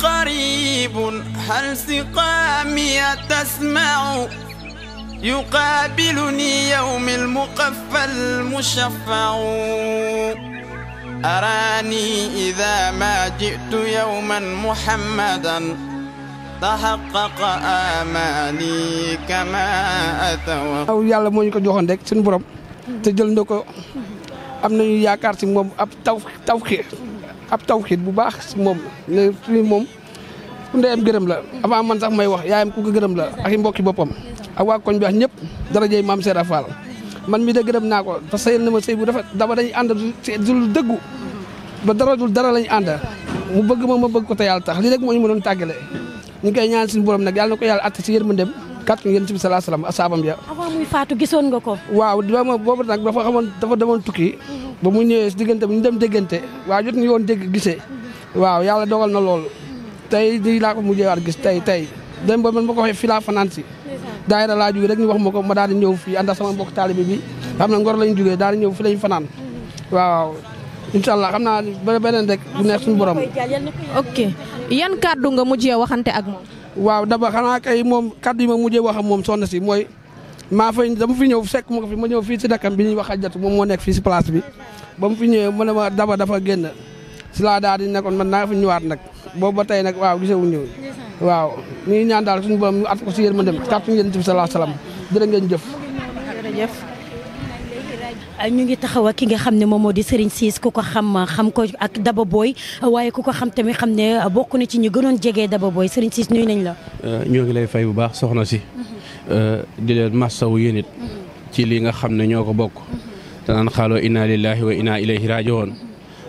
قريب هل سقامي تسمع يقابلني يوم المقفى المشفع أراني إذا ما جئت يوما محمدا تحقق آماني كما أتوقع aw yàlla moo ñu ko joxoon rek suñu borom te jël na ko am nañu yaakaar ci moom ab taw taw xeer ab tawxiit bu baax si moom ne suñu moom ku ndeyam gërëm la avant man sax may wax yaayam ku ko gërëm la ak i boppam ak waa koñ bi wax ñëpp darajey maam Seera Fall man mi da gërëm naa ko parce que sëyal na ma sëy bu dafa dama dañuy ànd dul dëggu ba dara dul dara lañu ànd mu bëgg ma ma bëgg ko te yàlla tax lii rek moo ñu mënoon tàggale ñu koy ñaan suñu borom nag yàlla na ko yàlla atte si yërmandem kàttu yonent bi salaa salaam asaabam ya avant ko. waaw dama boobu nag dafa xamoon dafa demoon tukki. Mhm. ba mu ñëwee si diggante bi ñu dem déggante waaw jot ñu woon dégg gisee. Mhm. waaw yàlla dogal na loolu. Mhm. tey di laa ko mujjeewaat gis tey tey. dem ba ma ko waxee fii laa fanaan si. daayira laa jógee rek ñu wax ma ko ma daal di ñëw fii ànd ak sama mbokk taalibe bi. xam na ngor lañ jógee daal di ñëw fi lañ fanaan. waaw incha allah xam naa beneen rek bu neex suñu borom. ok yan kàddu nga mujjee waxante ak moom waaw daba xanaa kay moom kaddu yi ma mujjee wax ak moom soxna si mooy maa fay dama fi ñëw fekk ma ko fi ma ñëw fii si dakam bi ñuy wax ajjatu moom moo nekk fii si place bi ba mu fi ñëwee mu ne ma daba dafa génn si laa daal di nekkoon man naa fi ñëwaat nag boobu ba tey nag waaw gisee wu ñëw waaw ñu ngi ñaan daal suñu borom ñu at ko si yéen ma dem kàttu yéen bi salaa salaam jërë ngeen jëf. ay ñu ngi taxaw ki nga xam ne moom moo di Serigne siis ku ko xam xam ko ak Daba Boy waaye ku ko xam tamit xam ne bokk na ci ñu gënoon jege Daba Boy Serigne Ciss nuyu nañ la. Euh, ñoo ngi lay fay bu baax soxna si. Mm-hmm. Euh, di leen massawu yéen it mm-hmm. ci lii nga xam ne ñoo ko bokk. Mm-hmm. te naan xaaloo inaa lillahi wa inna ilayhi raaji'uun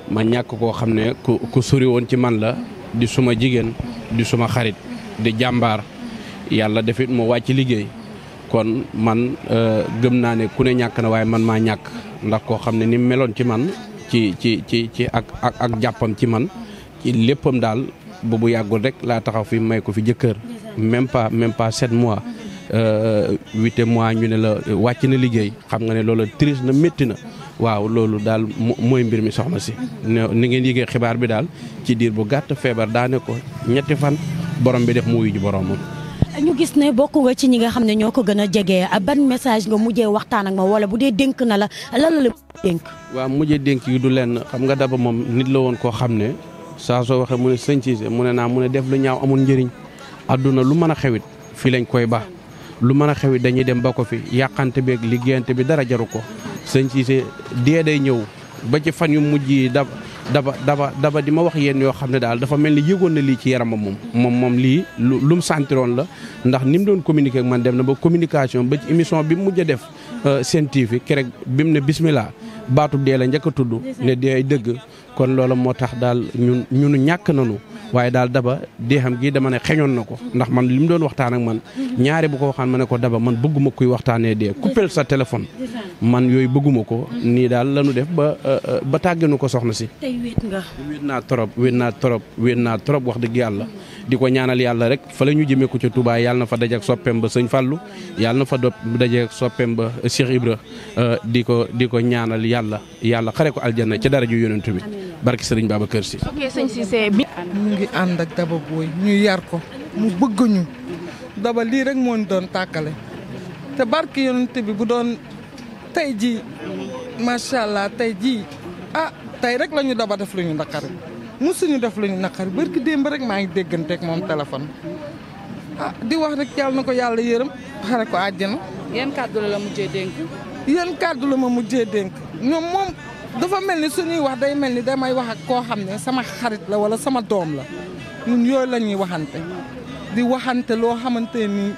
ma ñàkk koo xam ne ku ku sori woon ci man la di suma jigéen di suma xarit di jàmbaar yàlla defit mu wàcc liggéey. kon man euh, gëm naa ne ku ne ñàkk na waaye man maa ñàkk ndax koo xam ne ni meloon ci man ci ci ci ci ak ak ak jàppam ci man ci léppam daal bu bu yàggul rek laa taxaw fi may ko fi jëkkër même pas même pas sept mois euh, huit mois ñu ne la euh, wàcc na liggéey xam nga ne loolu triste na métti na waaw loolu daal mooy mbir mi soxna si nu ngeen yëgee xibaar bi daal ci diir bu gàtt feebar daane ko ñetti fan borom bi def mu wuyu ji boromam ñu gis ne bokk nga ci ñi nga xam ne ñoo ko gën a jege ban message nga mujjee waxtaan ak ma wala bu dee dénk na la lan la dénk. waaw mujjee dénk yi du lenn xam nga daba moom nit la woon koo xam ne saa soo waxee mu ne sëñ Cissé mu ne naa mu ne def lu ñaaw amul njëriñ adduna lu mën a xewit fii lañ koy ba lu mën a xewit dañuy dem ba ko fi yàqante beeg liggéeyante bi dara jaru ko sëñ Cissé dee day ñëw ba ci fan yu mujj yi daba daba daba daba di ma wax yéen yoo xam ne daal dafa mel ni yëgoon na lii ci yaramam moom moom moom lii lu lu mu la ndax ni mu doon communiquer man dem na ba communication ba ci émission bi mu mujj a def euh, scientifique kerek bi mu ne bismillah baatub dee la njëkk a tudd ne dee ay dëgg kon loolu moo tax daal ñun ñunu ñàkk nanu waaye daal daba dee xam gii dama ne xeñoon na ko ndax man li mu doon waxtaan ak man ñaari bu ko waxaan ma ne ko daba man bëgguma kuy waxtaanee dee coupel sa téléphone man yooyu bëgguma ko nii daal la def ba euh, euh, ba tàggenu ko soxna si tey nga wéet naa trop wéet naa trop wéet naa trop wax dëgg yàlla di ko ñaanal yàlla rek fa la ñu jëmee ko ca Touba yàlla na fa dajeek soppeem ba sëñ fàllu yàlla na fa do dajeek soppeem ba Cheikh Ibra euh, di ko di ko ñaanal yàlla yàlla xare ko aljanna ci dara ju bi barki sëriñ Babacar Si. ok sëñ Cissé bi. ñu ngi ànd ak Daba Boy ñu yar ko mu bëgg Daba lii rek moo doon tàkkale te barki yonent bi bu doon tey jii macha allah tey jii ah tey rek la ñu Daba def lañu ñu naqari musuñu def lañu ñu naqari barki démb rek maa ngi déggante dégganteeg moom téléphone ah di wax rek yàlla na ko yàlla yërëm xare ko àjjana. yan kàddu la la mujjee dénk. kàddu la ma mujjee dénk ñoom moom. dafa mel ni suñuy wax day mel ni damay wax ak koo xam ne sama xarit la wala sama doom la ñun yooyu la ñuy waxante di waxante loo xamante ni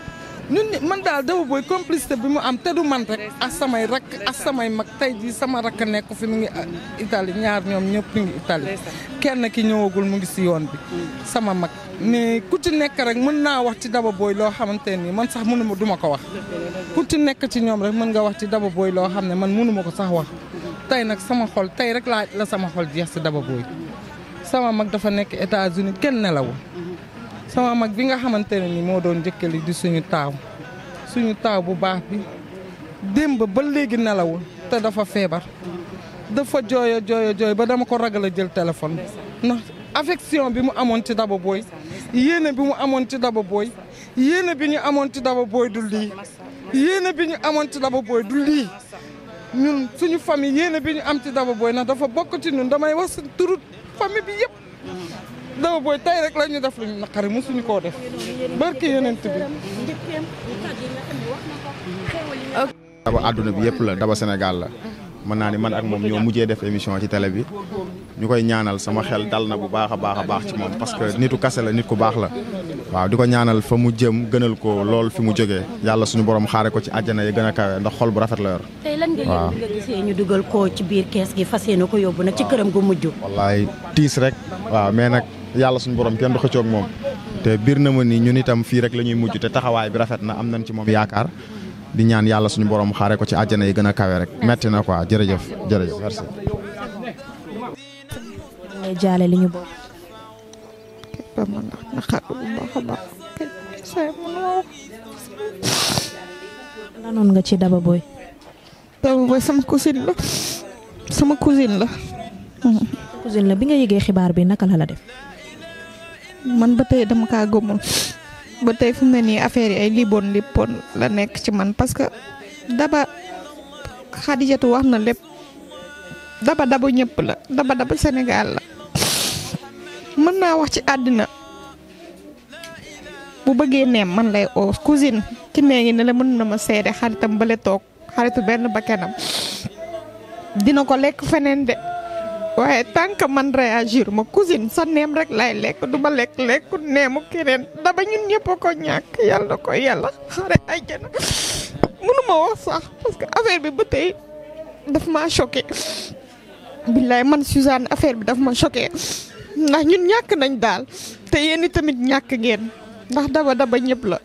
ñun mën daal Daba Boye complicité bi mu am te du man rek ak samay rak ak samay mag tey jii sama rakk nekk fi mu ngi ah, Italie ñaar ñoom ñëpp ngi Italie kenn ki ñëwagul mu ngi si yoon bi sama mag mais ku ci nekk rek mën naa wax ci Daba booy loo xamante ni man sax mënuma duma ko wax ku ci nekk ci ñoom rek mën nga wax ci Daba Boye loo xam ne man mënuma ko sax tey nag sama xol tey rek laa la sama xol jeex si Daba booy sama mag dafa nekk États-Unis kenn nelawul sama mag bi nga xamante ne ni moo doon njëkkali di suñu taaw suñu taaw bu baax bi démb ba léegi nelawul te dafa feebar dafa jooy a jooy ba dama ko ragal a jël téléphone ndax affection bi mu amoon ci Daba booy yéene bi mu amoon ci Daba Boye yéene bi ñu amoon ci Daba Boye du lii yéene bi ñu amoon ci Daba Boye du lii ñun suñu famille yéene bi ñu am ci Daba booy na dafa bokk ci ñun damay wax suñ turu famille bi yëpp Daba Boye tey rek la ñu def luñu naqari mosuñu koo def barki yeneen bi daba àdduna bi yëpp la daba senegal la mën naa ni man ak moom ñoo mujjee def émission ci tele bi ñu koy ñaanal sama xel dal na bu baax a baax a baax ci moom parce que nitu kase la nit ku baax la waaw di ko ñaanal fa mu jëm gënal ko lool fi mu jógee yàlla suñu borom xaare ko ci àjjana yi gën a kawe ndax xol bu rafet la yor tey lan nga ko ko mujj wallaay tiis rek waaw mais nag yàlla suñu borom kenn du xëccoog moom te biir na ma ni ñun itam fii rek la ñuy mujj te taxawaay bi rafet na am nañ ci moom yaakaar di ñaan yàlla suñu borom xaare ko ci àjjana yi gën a kawe rek metti na quoi jërëjëf jërëjëf merci. lay jaale li ñu bokk. nanoon nga ci Daba Boy. Daba Boy sama cousine la sama cousine la. cousine la bi nga yëgee xibaar bi naka la la def. man ba tey dama kaa gëmul. ba tey fu mu ne nii affaire yi ay liboon liboon la nekk ci man parce que daba xadijatu wax na lépp daba daba ñëpp la daba daba Sénégal la mën naa wax ci àddina bu bëggee neem man lay oo cousine ki nee ne la mën na ma seede xaritam bale toog xaritu benn bakkanam dina ko lekk feneen de waaye tant que man réagir ma cousine sa neem rek lay lekk du ma lekk lekk neemu keneen dama ñun ñëpp a ko ñàkk na ko yàlla xare ay jana mënuma wax sax parce que affaire bi ba tey daf maa choqué billaay man Suzanne affaire bi daf ma choqué ndax ñun ñàkk nañ daal te yéen tamit ñàkk ngeen ndax daba daba ñëpp la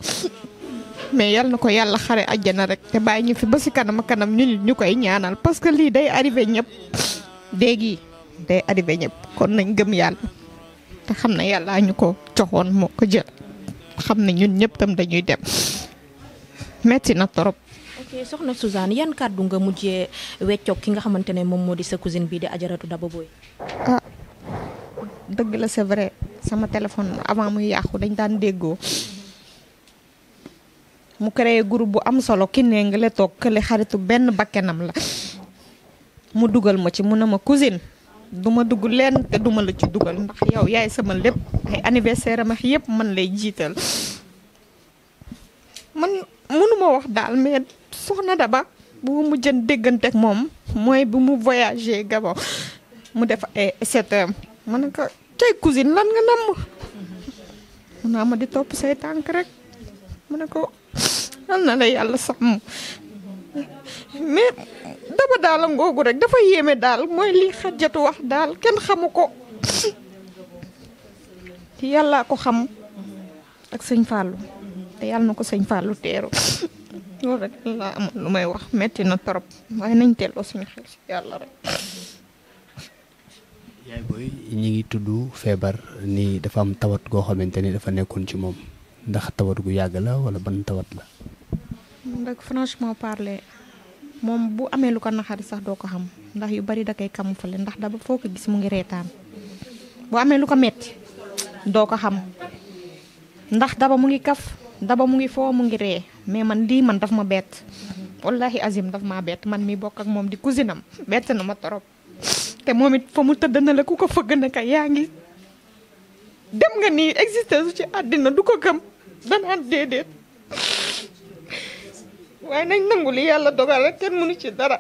mais yal na ko yàlla xare àjjana rek te bàyyi ñu fi ba si kanam kanam ñu ñu koy ñaanal parce que lii day arrivé ñëpp déegi day arrivé ñëpp kon nañ gëm yàlla te xam na yàlla ñu ko joxoon moo ko jël xam na ñun ñëpp tam dañuy dem metti na torop soxna Suzanne yan kàddu nga mujjee weccoog ki nga xamante ne moom moo di sa cousine bii di ajaratu Daba Boye ah dëgg la c'est sama téléphone avant muy yàqu dañ daan déggoo mu créé groupe bu am solo ki ne toog kële xaritu benn bakkenam la mu dugal ma ci mu ne ma cousine du dugg lenn te duma la ci dugal ndax yow yaay sama lépp ay anniversaire am ak yëpp man lay jiital man mënuma wax daal mais soxna Daba bu mu jën déggante ak moom mooy bu mu voyagé gabo mu def ay sept ma ne ko tey cousine lan nga namm mu naa ma di topp say tànk rek mu ne ko yàlla sàmm mais daba daal a ngoogu rek dafa yéeme daal mooy li xajjatu wax daal kenn xamu ko yàllaa ko xam ak sëñ Fallou te yàlla na ko sëñ Fallou teeru loolu rek lu may wax metti na trop waaye nañ telloo suñu xel si yàlla rek ñi ngi tudd feebar ni dafa am tawat goo xamante ni dafa nekkoon ci moom ndax tawat gu yàgg la wala ban tawat la moom bu amee lu ko naxari sax doo ko xam ndax yu bari da koy camoufler ndax daba foo ko gis mu ngi reetaan bu amee lu ko metti doo ko xam ndax daba mu ngi kaf daba mu ngi foo mu ngi ree mais man lii man daf ma bett wallahi azim daf ma bett man mi bokk ak moom di cousine am bett na ma torop te moom it fa mu tëdd na la ku ko fëgg na ka yaa ngi dem nga nii existé su ci àddina du ko gëm danaan déedéet waaye nañ nangu li yàlla dogal rek kenn mënu ci dara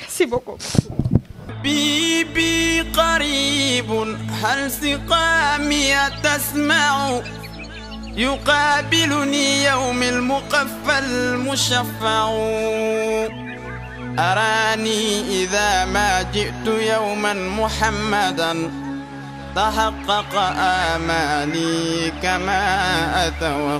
merci beaucoup بيبي قريب هل سقامي تسمع يقابلني يوم المقفى المشفع أراني إذا ما جئت يوما محمدا تحقق آماني كما أتوقع